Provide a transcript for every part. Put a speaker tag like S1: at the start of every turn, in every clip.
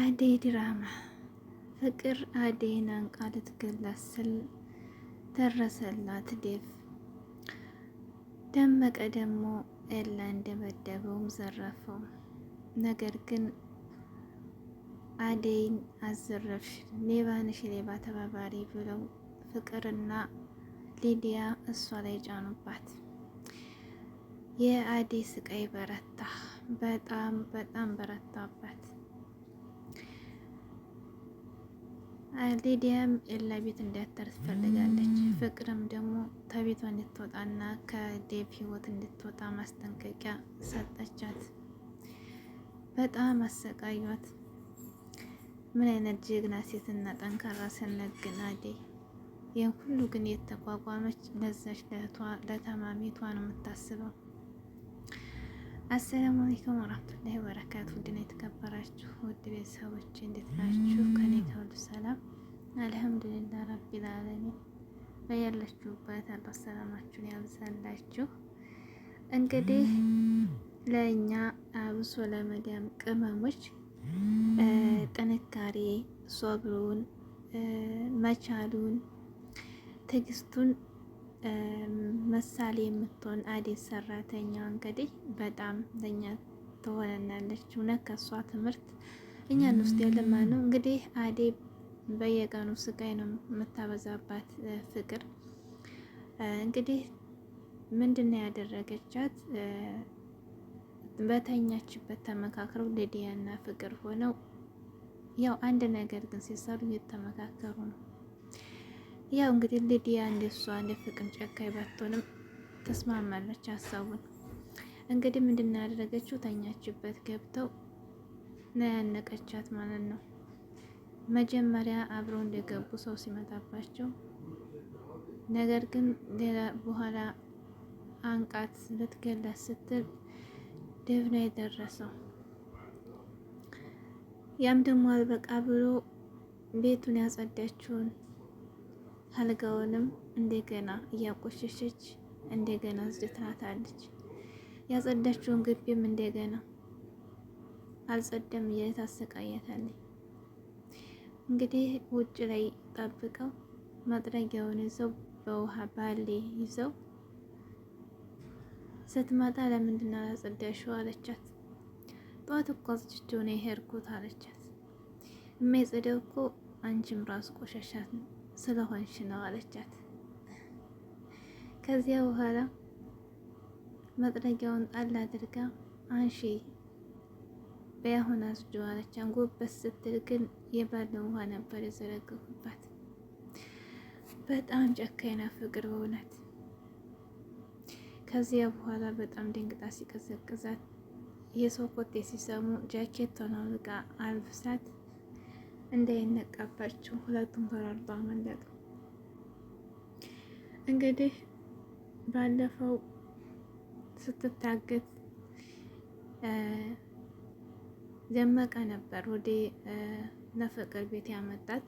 S1: አደይ ድራማ ፍቅር አደይን አንቃ ልትገላት ስል ደረሰላት ዴቭ። ደመቀ ደግሞ ኤላ እንደበደበውም ዘረፈው። ነገር ግን አደይን አዘረፍሽ፣ ሌባንሽ፣ ሌባ ተባባሪ ብለው ፍቅርና ሊዲያ እሷ ላይ ጫኑባት። የአደይ ስቃይ በረታ፣ በጣም በጣም በረታባት። ሊዲያም ኤላ ቤት እንዲያተር ፈልጋለች። ፍቅርም ደግሞ ከቤቷ እንድትወጣና ከዴቭ ህይወት እንድትወጣ ማስጠንቀቂያ ሰጠቻት። በጣም አሰቃዩት። ምን አይነት ጀግና ሴትና ጠንካራ ሰነግና ይህን ሁሉ ግን የተቋቋመች ለዛች ለህቷ ለተማሚቷ ነው የምታስበው። አሰላሙ አለይኩም ወራህመቱላሂ ወበረካቱ። ውድና የተከበራችሁ ውድ ቤተሰቦች እንዴት ናችሁ? ከኔ ከሁሉ ሰላም አልሐምዱሊላህ ረቢል ዓለሚን። በያላችሁበት አላህ ሰላማችሁን ያብዛላችሁ። እንግዲህ ለእኛ አብሶ ለመዳም ቅመሞች ጥንካሬ፣ ሶብሩን፣ መቻሉን፣ ትዕግስቱን ምሳሌ የምትሆን አዴት ሰራተኛ እንግዲህ በጣም ለኛ ትሆነናለች። እውነት ከእሷ ትምህርት እኛን ውስጥ የለማ ነው እንግዲህ አዴ በየቀኑ ስቃይ ነው የምታበዛባት ፍቅር እንግዲህ ምንድን ነው ያደረገቻት? በተኛችበት ተመካክረው ልዲያና ፍቅር ሆነው ያው አንድ ነገር ግን ሲሰሩ እየተመካከሩ ነው። ያው እንግዲህ ሊዲያ እንደሷ እንደ ፍቅም ጨካኝ ባትሆንም ተስማማለች ሀሳቡን። እንግዲህ ምንድን ያደረገችው ተኛችበት ገብተው ነው ያነቀቻት ማለት ነው። መጀመሪያ አብረው እንደገቡ ሰው ሲመጣባቸው፣ ነገር ግን ሌላ በኋላ አንቃት ልትገላት ስትል ደብ ነው የደረሰው። ያም ደግሞ አልበቃ ብሎ ቤቱን ያጸዳችውን አልጋውንም እንደገና እያቆሸሸች እንደገና ጽዱ ያጸዳችውን ግቢም እንደገና አልጸደም እያለ ታሰቃያታለች። እንግዲህ ውጭ ላይ ጠብቀው መጥረጊያውን ይዘው በውሃ ባሌ ይዘው ስትመጣ ለምንድን ነው ያጸዳሽው አለቻት። ጠዋት እኮ አጽድቼው ነው የሄድኩት አለቻት። የሚያጸደው እኮ አንቺም ራስ ቆሻሻት ነው ስለሆንሽ ነው አለቻት። ከዚያ በኋላ መጥረጊያውን ጣል አድርጋ አንሺ በያሁን አስጆ አለች። አንጎበት ስትል ግን ውሃ ነበር የዘረገፉባት። በጣም ጨካኝና ፍቅር በእውነት ከዚያ በኋላ በጣም ደንግጣ ሲቀዘቅዛት የሰው ኮቴ ሲሰሙ ጃኬት ተናውልቃ አልብሳት እንዳይነቃባቸው ሁለቱም ተራርባ መለጡ። እንግዲህ ባለፈው ስትታገት ደመቀ ነበር ወደ ነፍቅር ቤት ያመጣት።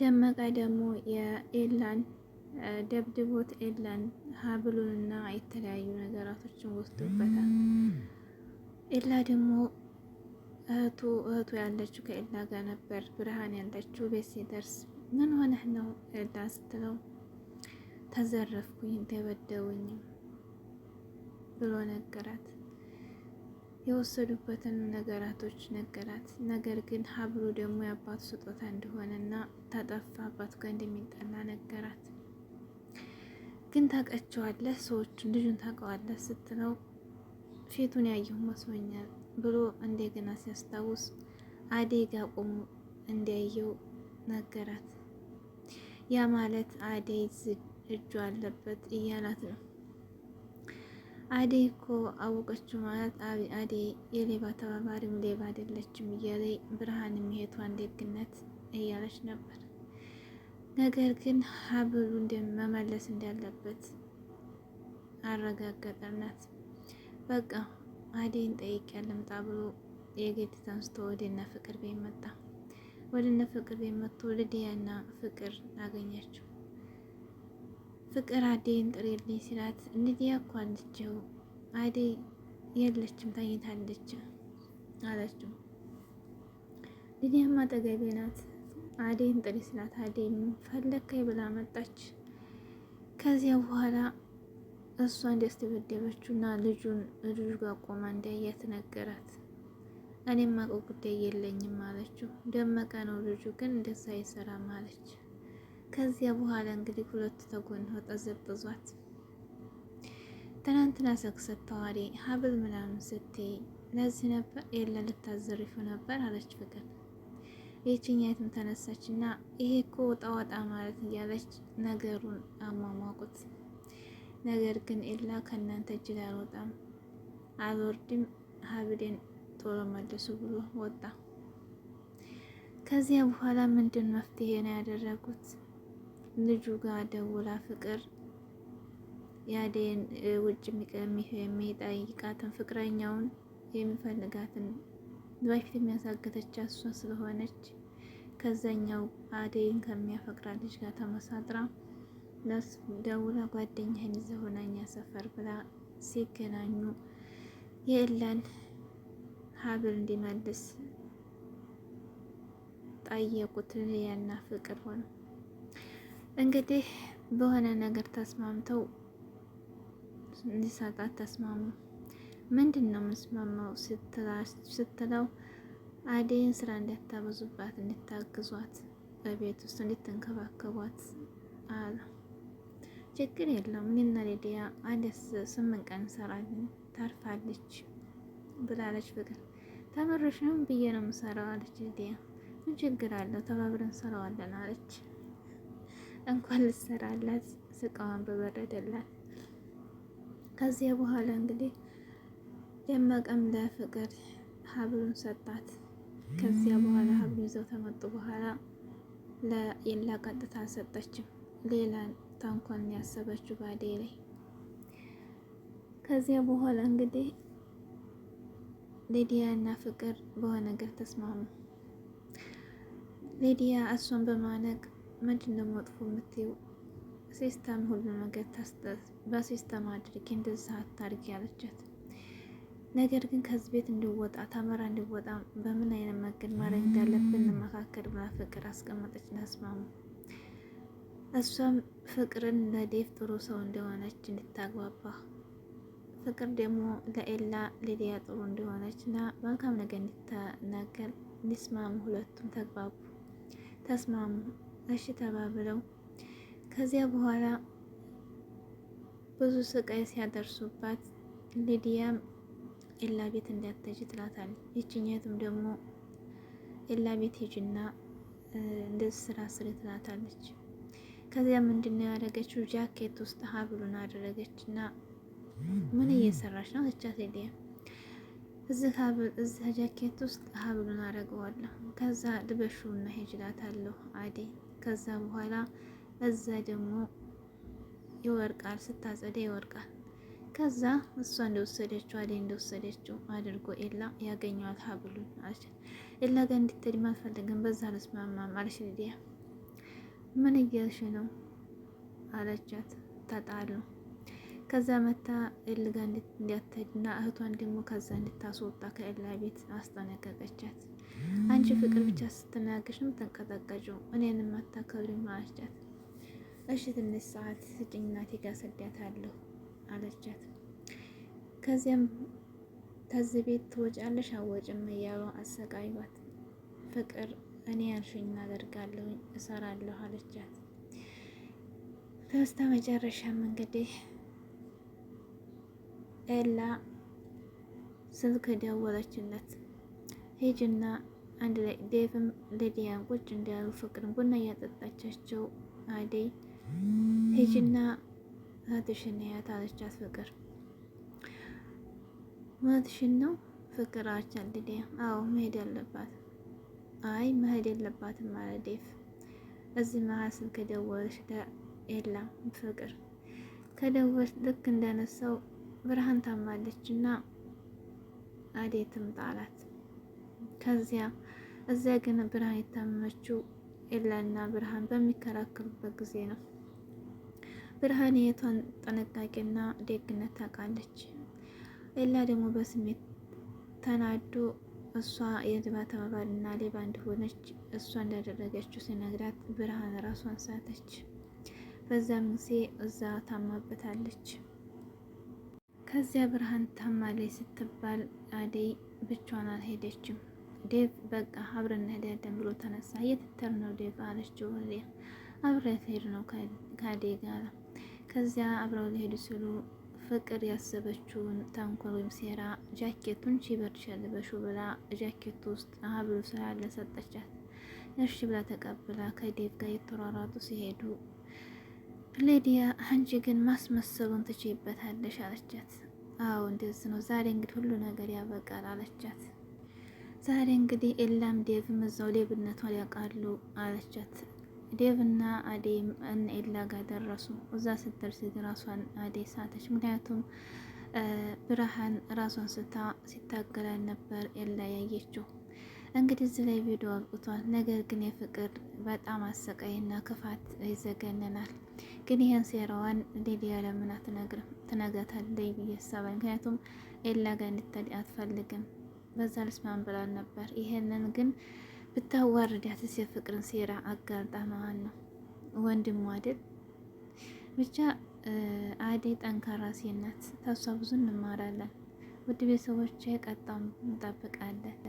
S1: ደመቀ ደግሞ የኤላን ደብድቦት ኤላን ሀብሉንና የተለያዩ ነገራቶችን ወስዶበታል። ኤላ ደግሞ እህቱ እህቱ ያለችው ከኤላ ጋር ነበር። ብርሃን ያለችው ቤት ሲደርስ ምን ሆነህ ነው ኤላ ስትለው ተዘረፍኩኝ፣ ተበደውኝ ብሎ ነገራት። የወሰዱበትን ነገራቶች ነገራት። ነገር ግን ሀብሉ ደግሞ የአባቱ ስጦታ እንደሆነና ተጠፋ አባቱ ጋር እንደሚጠላ ነገራት። ግን ታውቃቸዋለህ፣ ሰዎቹን ልጁን ታውቀዋለህ ስትለው ፊቱን ያየሁ መስሎኛል ብሎ እንደገና ሲያስታውስ አዴ ጋ ቆሞ እንዳየው ነገራት። ያ ማለት አዴ እጁ አለበት እያላት ነው። አዴ እኮ አወቀችው ማለት አዴ የሌባ ተባባሪም ሌባ አይደለችም እያለ ብርሃን የሚሄቷን ደግነት እያለች ነበር። ነገር ግን ሀብሉ መመለስ እንዳለበት አረጋገጠናት። በቃ አዴን ጠይቄ ልምጣ ብሎ የግድ ተንስቶ ወደነ ፍቅር ቤት መጣ። ወደነ ፍቅር ቤት መጥቶ ልድያና ፍቅር አገኛቸው። ፍቅር አዴን ጥሬልኝ ሲላት ልድያ እኮ አለችው አዴ የለችም ታይታለች አለችው። ልድያም አጠገቤ ናት አዴን ጥሪ ስላት አዴ ፈለግከኝ ብላ መጣች። ከዚያ በኋላ እሷ እንዲያስደበደበችው እና ልጁን ልጁ ጋር ቆማ እንዲያያት ነገራት። እኔም አውቀው ጉዳይ የለኝም አለችው። ደመቀ ነው ልጁ ግን እንደዛ አይሰራም አለች። ከዚያ በኋላ እንግዲህ ሁለቱ ተጎን ተዘብዟት ትናንትና ሰክሰት ተዋሪ ሀብል ምናምን ስትይ ለዚህ ነበር የለ ልታዘርፉ ነበር አለች ፍቅር። ይችኛይትም ተነሳች እና ይሄ እኮ ወጣ ወጣ ማለት እያለች ነገሩን አሟሟቁት። ነገር ግን ኤላ ከእናንተ እጅግ አልወጣም አልወርድም፣ ሀብሌን ቶሎ መልሱ ብሎ ወጣ። ከዚያ በኋላ ምንድን መፍትሄ ነው ያደረጉት? ልጁ ጋር ደውላ ፍቅር የአደይን ውጭ የሚጠይቃትን ፍቅረኛውን የሚፈልጋትን በፊት የሚያሳገተች እሷ ስለሆነች ከዛኛው አደይን ከሚያፈቅራ ልጅ ጋር ተመሳጥራ ነፍስ ደውላ ጓደኛህን እዛ ሆናኛ ሰፈር ብላ ሲገናኙ የኤላን ሀብል እንዲመልስ ጠየቁት። ያና ፍቅር ሆነ እንግዲህ በሆነ ነገር ተስማምተው እንዲሰጣት ተስማሙ። ምንድን ነው የምስማማው ስትለው አደይን ስራ እንዳታበዙባት እንድታግዟት፣ በቤት ውስጥ እንድትንከባከቧት አለ። ችግር የለውም እኔና ሊዲያ አዲስ ስምንት ቀን እንሰራለን ታርፋለች ብላለች ፍቅር። ተመረሽም ብዬ ነው የምሰራው አለች ሊዲያ። ምን ችግር አለው ተባብረን እንሰራዋለን አለች። እንኳን ልሰራላት ስቃዋን በበረደላት። ከዚያ በኋላ እንግዲህ ደመቀም ለፍቅር ሀብሉን ሰጣት። ከዚያ በኋላ ሀብሉ ይዘው ተመጡ በኋላ ለየላ ቀጥታ አልሰጠችም ሌላ ተንኮል ነው ያሰበችው ባዴ ላይ። ከዚያ በኋላ እንግዲህ ሊዲያ እና ፍቅር በሆነ ነገር ተስማሙ። ሊዲያ እሷን በማነቅ ምንድን ነው መጥፎ የምትይው ሲስተም ሁሉ ነገር በሲስተም አድርጌ እንደዚህ አታድርጊ ያለቻት። ነገር ግን ከዚህ ቤት እንዲወጣ ተመራ እንዲወጣ በምን አይነት መንገድ ማድረግ እንዳለብን መካከል ፍቅር አስቀመጠች፣ ተስማሙ። እሷም ፍቅርን ለዴፍ ጥሩ ሰው እንደሆነች እንድታግባባ ፍቅር ደግሞ ለኤላ ሊዲያ ጥሩ እንደሆነች እና መልካም ነገር እንድታናገር እንዲስማሙ ሁለቱም ተግባቡ፣ ተስማሙ። እሺ ተባብለው ከዚያ በኋላ ብዙ ስቃይ ሲያደርሱባት ሊዲያም ኤላ ቤት እንዳትሄጂ ትላታል። ይችኛቱም ደግሞ ኤላ ቤት ሂጂና እንደዚህ ስራ ስሪ ትላታለች። ከዚያ ምንድን ነው ያደረገችው? ጃኬት ውስጥ ሀብሉን አደረገች እና ምን እየሰራች ነው ብቻ ሴዲያ እዚህ ጃኬት ውስጥ ሀብሉን አደረገዋለሁ። ከዛ ልበሹና ሄጅላት አለሁ አዴ። ከዛ በኋላ እዛ ደግሞ ይወርቃል፣ ስታጸደ ይወርቃል። ከዛ እሷ እንደወሰደችው አዴ እንደወሰደችው አድርጎ ኤላ ያገኘዋል ሀብሉን አለች። ኤላ ጋር እንድትሄድ አልፈልግም፣ በዛ ልስማማ አለች ሊዲያ ምን እያልሽ ነው አለቻት። ተጣሉ። ከዛ መታ ኤል ጋ እንዲያተድና እህቷን ደግሞ ከዛ እንድታስወጣ ከኤላ ቤት አስጠነቀቀቻት። አንቺ ፍቅር ብቻ ስትናገሽም ተንቀጠቀጩ እኔንም አታከብሪም ማለቻት። እሺ ትንሽ ሰዓት ስጭኝ እናቴ ጋ አለሁ አለቻት። ከዚያም ተዝ ቤት ትወጫለሽ አወጭም እያሉ አሰቃይባት ፍቅር እኔ ያልሽኝ አደርጋለሁ እሰራለሁ አለቻት። በስተ መጨረሻም እንግዲህ ኤላ ስልክ ደወለችለት። ሂጅና አንድ ላይ ዴቭም ሊዲያን ቁጭ እንዲያሉ ፍቅር ቡና እያጠጣቻቸው አደይ ሂጅና እህትሽን ያት አለቻት። ፍቅር እህትሽን ነው ፍቅር አቻት ሊዲያ አዎ መሄድ አለባት አይ መሄድ የለባትም ማለት ዴፍ እዚህ መሀል ስልክ ደወለች። የለም ፍቅር ከደወለች ልክ እንደነሳው ብርሃን ታማለች እና አዴ ትምጣ አላት። ከዚያ እዚያ ግን ብርሃን የታመመችው ኤላና ብርሃን በሚከራከሩበት ጊዜ ነው። ብርሃን የቷን ጥንቃቄና ደግነት ታውቃለች። ኤላ ደግሞ በስሜት ተናዶ እሷ የሌባ ተባባሪ እና ሌባ እንደሆነች እሷ እንዳደረገችው ሲነግራት ብርሃን ራሷን ሳተች። በዛም ጊዜ እዛ ታማበታለች። ከዚያ ብርሃን ታማለች ስትባል አደይ ብቻዋን አልሄደችም። ዴቭ በቃ አብረን እንሄዳለን ብሎ ተነሳ። የትተር ነው ዴቭ አለችው። ወሬ አብሬ ሄድ ነው ከአደይ ጋር። ከዚያ አብረው ሊሄዱ ሲሉ ፍቅር ያሰበችውን ተንኮል ወይም ሴራ ጃኬቱን ቺበርሽ ያልበሹ ብላ ጃኬቱ ውስጥ ሀብሉ ስላለ ሰጠቻት። እሺ ብላ ተቀብላ ከዴቭ ጋር የተሯሯጡ ሲሄዱ ሌዲያ አንቺ ግን ማስመሰሉን ትችይበታለሽ አለቻት። አዎ እንደዚህ ነው ዛሬ እንግዲህ ሁሉ ነገር ያበቃል አለቻት። ዛሬ እንግዲህ ኤላም ዴቭም እዛው ሌብነቷን ያውቃሉ አለቻት። ዴቭና አዴይ እነ ኤላ ጋር ደረሱ። እዛ ስትደርስ ራሷን አዴይ ሳተች። ምክንያቱም ብርሃን ራሷን ስታ ሲታገላል ነበር ኤላ ያየችው። እንግዲህ እዚህ ላይ ቪዲዮ አብቅቷል። ነገር ግን የፍቅር በጣም አሰቃይና ክፋት ይዘገንናል። ግን ይህን ሴራዋን ሊዲያ ለምን ትነግራታለች ብዬ አስባለሁ። ምክንያቱም ኤላ ጋር እንድታድ አትፈልግም። በዛ ልስማን ብላል ነበር። ይሄንን ግን ብታዋርዳትስ የፍቅርን ሴራ አጋልጣ መዋል ነው። ወንድሟ አይደል ብቻ አደይ ጠንካራ ሴት ናት። ታሷ ብዙ እንማራለን። ውድ ቤተሰቦች ቀጣውን እንጠብቃለን።